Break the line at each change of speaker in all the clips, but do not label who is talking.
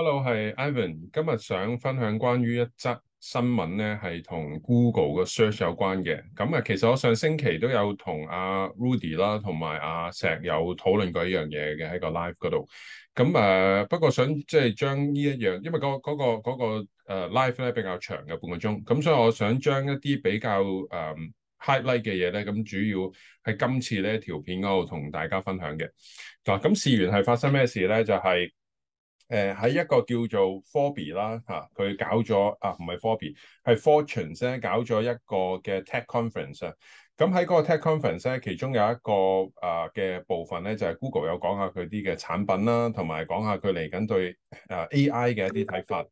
Hello，係 Ivan，今日想分享關於一則新聞咧，係同 Google 嘅 Search 有關嘅。咁啊，其實我上星期都有同阿 Rudy 啦，同埋阿石有討論過一樣嘢嘅喺個 live 嗰度。咁誒，不過想即係將呢一樣，因為嗰、嗰、嗰個、嗰個誒、嗰個、live 咧比較長嘅半個鐘，咁所以我想將一啲比較誒、嗯、highlight 嘅嘢咧，咁主要喺今次咧條片嗰度同大家分享嘅。嗱，咁事緣係發生咩事咧？就係、是。誒喺一個叫做 Forbes 啦嚇，佢搞咗啊，唔係、啊、Forbes 係 Fortune 咧搞咗一個嘅 Tech Conference 啊。咁喺嗰個 Tech Conference 咧，其中有一個啊嘅、呃、部分咧，就係、是、Google 有講下佢啲嘅產品啦，同埋講下佢嚟緊對啊、呃、AI 嘅一啲睇法。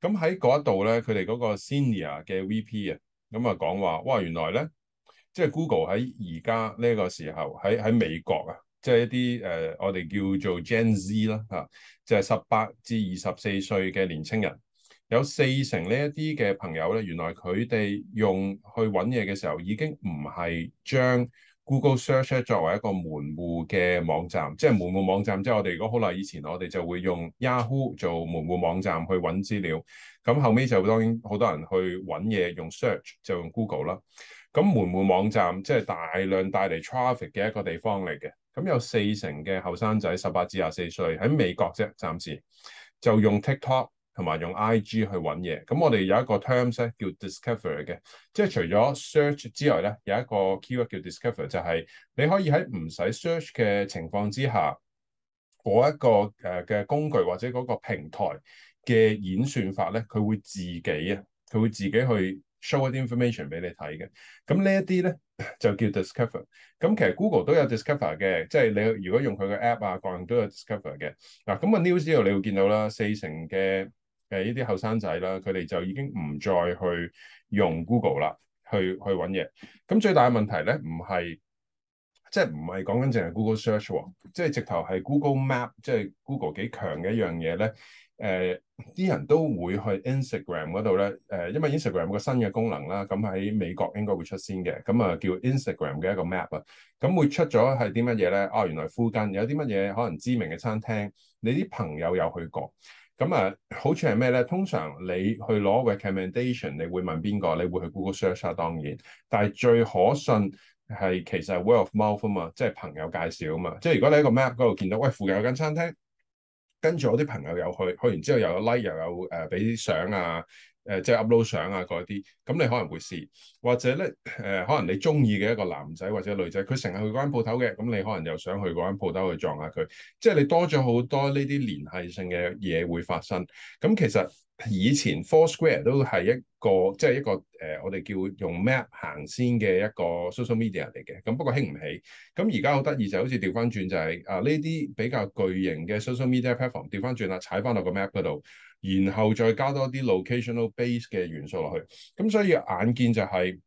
咁喺嗰度咧，佢哋嗰個 Senior 嘅 VP 啊，咁啊講話，哇，原來咧，即係 Google 喺而家呢個時候喺喺美國啊。即係一啲誒，uh, 我哋叫做 Gen Z 啦嚇，就係十八至二十四歲嘅年輕人，有四成呢一啲嘅朋友咧，原來佢哋用去揾嘢嘅時候，已經唔係將 Google Search 作為一個門戶嘅網站，即係門戶網站。即係我哋如果好耐以前，我哋就會用 Yahoo 做門戶網站去揾資料。咁後尾就當然好多人去揾嘢用 Search 就用 Google 啦。咁門戶網站即係大量帶嚟 traffic 嘅一個地方嚟嘅。咁、嗯、有四成嘅後生仔十八至廿四歲喺美國啫，暫時就用 TikTok 同埋用 IG 去揾嘢。咁、嗯、我哋有一個 terms 咧叫 Discover 嘅，即係除咗 search 之外咧，有一個 keyword 叫 Discover，就係你可以喺唔使 search 嘅情況之下，嗰一個誒嘅、uh, 工具或者嗰個平台嘅演算法咧，佢會自己啊，佢會自己去。show 一啲 information 俾你睇嘅，咁呢一啲咧就叫 discover。咁其實 Google 都有 discover 嘅，即係你如果用佢嘅 app 啊，個人都有 discover 嘅。嗱，咁個 news 之後，你會見到啦，四成嘅誒呢啲後生仔啦，佢哋就已經唔再去用 Google 啦，去去揾嘢。咁最大嘅問題咧，唔係即係唔係講緊淨係 Google Search，即係直頭係 Google Map，即係 Google 幾強嘅一樣嘢咧。誒啲、呃、人都會去 Instagram 嗰度咧，誒、呃，因為 Instagram 個新嘅功能啦，咁喺美國應該會出先嘅，咁啊叫 Instagram 嘅一個 map 啊，咁會出咗係啲乜嘢咧？哦，原來附近有啲乜嘢可能知名嘅餐廳，你啲朋友有去過，咁啊，好處係咩咧？通常你去攞 recommendation，你會問邊個，你會去 Google search 啊。當然，但係最可信係其實 word、well、of mouth 啊嘛，即係朋友介紹啊嘛，即係如果你喺個 map 嗰度見到，喂，附近有間餐廳。跟住我啲朋友又去，去完之後又有 like 又有誒俾相啊，誒、呃、即係 upload 相啊嗰啲，咁你可能會試，或者咧誒、呃、可能你中意嘅一個男仔或者女仔，佢成日去嗰間鋪頭嘅，咁你可能又想去嗰間鋪頭去撞下佢，即係你多咗好多呢啲聯繫性嘅嘢會發生，咁其實。以前 FourSquare 都係一個即係、就是、一個誒、呃，我哋叫用 Map 行先嘅一個 social media 嚟嘅，咁不過興唔起。咁而家好得意就好似調翻轉就係啊呢啲比較巨型嘅 social media platform 調翻轉啦，踩翻落個 Map 度，然後再加多啲 locational base 嘅元素落去。咁所以眼見就係、是。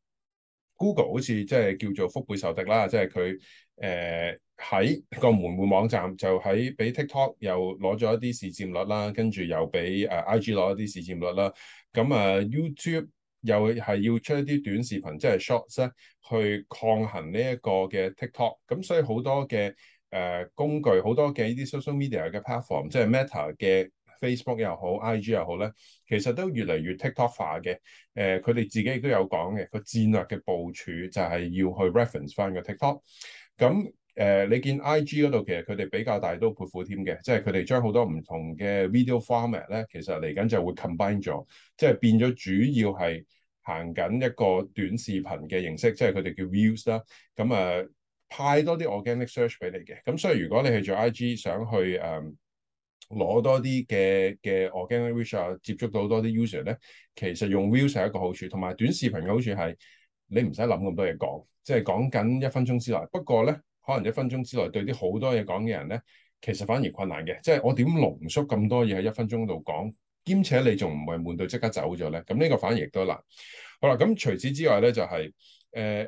Google 好似即係叫做福背受敵啦，即係佢誒喺個門戶網站就喺俾 TikTok 又攞咗一啲市佔率啦，跟住又俾誒 IG 攞一啲市佔率啦。咁啊 YouTube 又係要出一啲短視頻，即係 Shorts 去抗衡呢一個嘅 TikTok。咁所以好多嘅誒、呃、工具，好多嘅呢啲 social media 嘅 platform，即係 Meta 嘅。Facebook 又好，IG 又好咧，其實都越嚟越 TikTok 化嘅。誒、呃，佢哋自己亦都有講嘅個戰略嘅部署就係要去 reference 翻個 TikTok。咁、嗯、誒、呃，你見 IG 嗰度其實佢哋比較大都撥款添嘅，即係佢哋將好多唔同嘅 video format 咧，其實嚟緊就會 combine 咗，即係變咗主要係行緊一個短視頻嘅形式，即係佢哋叫 views 啦、嗯。咁、呃、啊，派多啲 organic search 俾你嘅。咁、嗯、所以如果你係做 IG，想去誒。呃攞多啲嘅嘅 organizer 接觸到多啲 user 咧，其實用 view 係一個好處，同埋短視頻嘅好處係你唔使諗咁多嘢講，即係講緊一分鐘之內。不過咧，可能一分鐘之內對啲好多嘢講嘅人咧，其實反而困難嘅，即係我點濃縮咁多嘢喺一分鐘度講，兼且你仲唔係悶到即刻走咗咧？咁、這、呢個反而亦都難。好啦，咁除此之外咧就係、是、誒。呃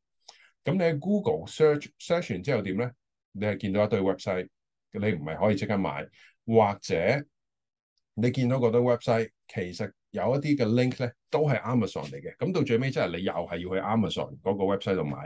咁你喺 Google search search 完之後點咧？你係見到一堆 website，你唔係可以即刻買，或者你見到嗰堆 website 其實有一啲嘅 link 咧都係 Amazon 嚟嘅。咁到最尾即係你又係要去 Amazon 嗰個 website 度買。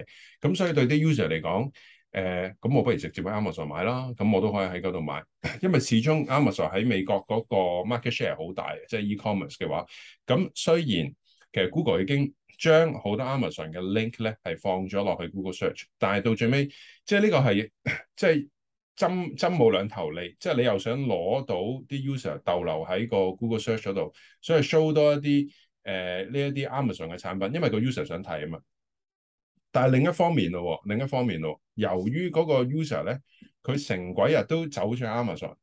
咁所以對啲 user 嚟講，誒咁我不如直接喺 Amazon 買啦。咁我都可以喺嗰度買，因為始終 Amazon 喺美國嗰個 market share 好大，即係 e-commerce 嘅話。咁雖然其實 Google 已經，將好多 Amazon 嘅 link 咧係放咗落去 Google Search，但係到最尾即係呢個係即係針針冇兩頭利，即係你又想攞到啲 user 逗留喺個 Google Search 嗰度，所以 show 多一啲誒呢、呃、一啲 Amazon 嘅產品，因為個 user 想睇啊嘛。但係另一方面咯、哦，另一方面咯，由於嗰個 user 咧，佢成鬼日都走上 Amazon，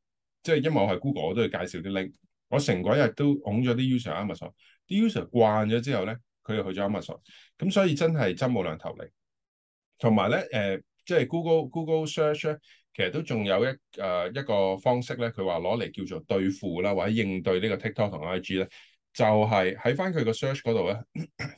即係因為我係 Google，我都要介紹啲 link，我成鬼日都拱咗啲 user Amazon，啲 user 慣咗之後咧。佢又去咗 Amazon，咁所以真係真冇兩頭嚟。同埋咧，誒、呃，即、就、係、是、Google Google Search 咧，其實都仲有一誒、呃、一個方式咧，佢話攞嚟叫做對付啦，或者應對個呢個 TikTok 同 IG 咧，就係喺翻佢個 Search 嗰度咧，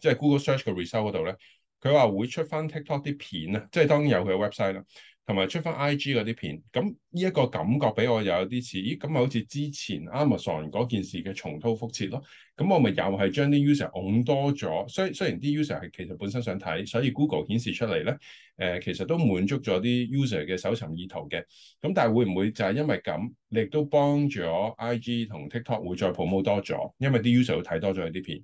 即係 Google Search 嘅 result 嗰度咧，佢話會出翻 TikTok 啲片啊，即、就、係、是、當然有佢嘅 website 啦。同埋出翻 I G 嗰啲片，咁呢一個感覺俾我又有啲似，咦，咁咪好似之前 Amazon 嗰件事嘅重蹈覆轍咯，咁我咪又係將啲 user 擁多咗，雖雖然啲 user 係其實本身想睇，所以 Google 顯示出嚟咧，誒、呃、其實都滿足咗啲 user 嘅搜尋意圖嘅，咁但係會唔會就係因為咁，亦都幫咗 I G 同 TikTok 會再 promote 多咗，因為啲 user 會睇多咗啲片，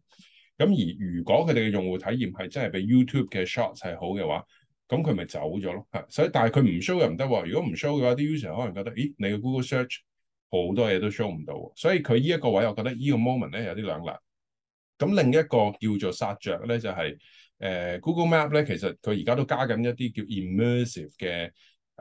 咁而如果佢哋嘅用戶體驗係真係比 YouTube 嘅 short 係好嘅話，咁佢咪走咗咯，係，所以但係佢唔 show 又唔得，如果唔 show 嘅話，啲 user 可能覺得，咦，你嘅 Google Search 好多嘢都 show 唔到，所以佢呢一個位，我覺得呢個 moment 咧有啲兩難。咁另一個叫做殺着咧，就係誒 Google Map 咧，其實佢而家都加緊一啲叫 immersive 嘅。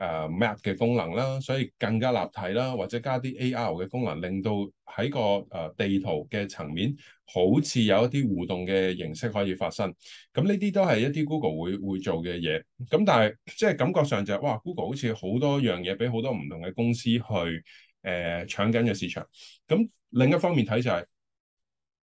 誒、uh, Map 嘅功能啦，所以更加立體啦，或者加啲 AR 嘅功能，令到喺個誒、uh, 地圖嘅層面好似有一啲互動嘅形式可以發生。咁呢啲都係一啲 Google 會會做嘅嘢。咁但係即係感覺上就係，哇，Google 好似好多樣嘢俾好多唔同嘅公司去誒搶緊嘅市場。咁另一方面睇就係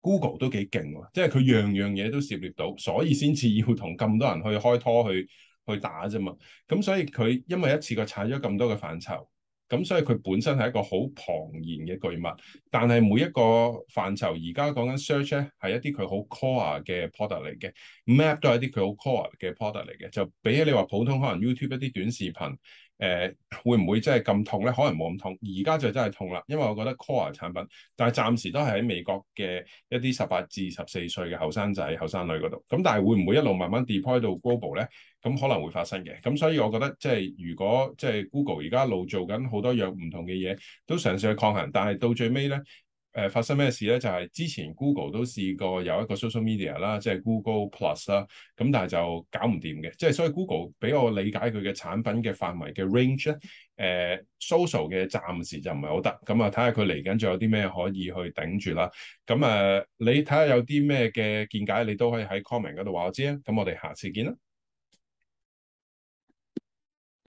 ，Google 都幾勁，即係佢樣樣嘢都涉獵到，所以先至要同咁多人去開拖去，去打啫嘛，咁所以佢因為一次過踩咗咁多嘅範疇，咁所以佢本身係一個好龐然嘅巨物，但係每一個範疇而家講緊 search 咧係一啲佢好 core 嘅 product 嚟嘅，map 都係一啲佢好 core 嘅 product 嚟嘅，就比起你話普通可能 YouTube 一啲短視頻。誒、呃、會唔會真係咁痛咧？可能冇咁痛，而家就真係痛啦。因為我覺得 Core 產品，但係暫時都係喺美國嘅一啲十八至十四歲嘅後生仔、後生女嗰度。咁但係會唔會一路慢慢 deploy 到 Google 咧？咁、嗯、可能會發生嘅。咁所以我覺得即、就、係、是、如果即係、就是、Google 而家一路做緊好多樣唔同嘅嘢，都嘗試去抗衡。但係到最尾咧。誒發、呃、生咩事咧？就係、是、之前 Google 都試過有一個 social media 啦，即係 Google Plus 啦，咁但係就搞唔掂嘅。即係所以 Google 俾我理解佢嘅產品嘅範圍嘅 range 咧、呃，誒 social 嘅暫時就唔係好得。咁、嗯、啊，睇下佢嚟緊仲有啲咩可以去頂住啦。咁、嗯、啊，你睇下有啲咩嘅見解，你都可以喺 comment 嗰度話我知啊。咁、嗯嗯嗯嗯、我哋下次見啦。